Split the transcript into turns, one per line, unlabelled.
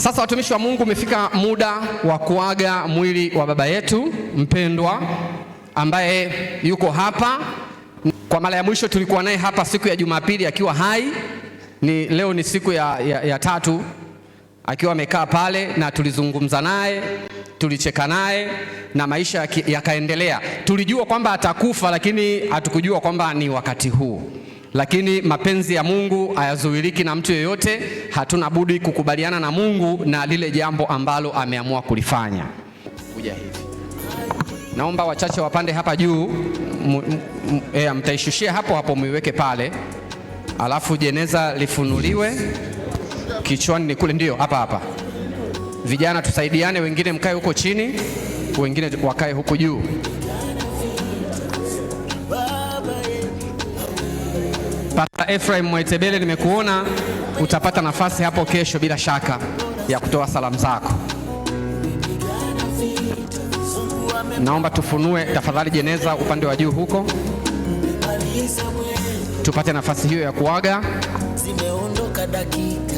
Sasa watumishi wa Mungu, umefika muda wa kuaga mwili wa baba yetu mpendwa ambaye yuko hapa. Kwa mara ya mwisho tulikuwa naye hapa siku ya Jumapili akiwa hai, ni leo ni siku ya, ya, ya tatu akiwa amekaa pale, na tulizungumza naye tulicheka naye na maisha yakaendelea. Tulijua kwamba atakufa, lakini hatukujua kwamba ni wakati huu. Lakini mapenzi ya Mungu hayazuiliki na mtu yeyote, hatuna budi kukubaliana na Mungu na lile jambo ambalo ameamua kulifanya. Kuja hivi, naomba wachache wapande hapa juu, eh, mtaishushia hapo hapo, muiweke pale, alafu jeneza lifunuliwe kichwani, ni kule, ndio hapa hapa. Vijana tusaidiane, wengine mkae huko chini, wengine wakae huku juu. Pastor Ephraim Mwetebele, nimekuona utapata nafasi hapo kesho bila shaka ya kutoa salamu zako. Naomba tufunue tafadhali jeneza upande wa juu huko, tupate nafasi hiyo ya kuaga. Zimeondoka dakika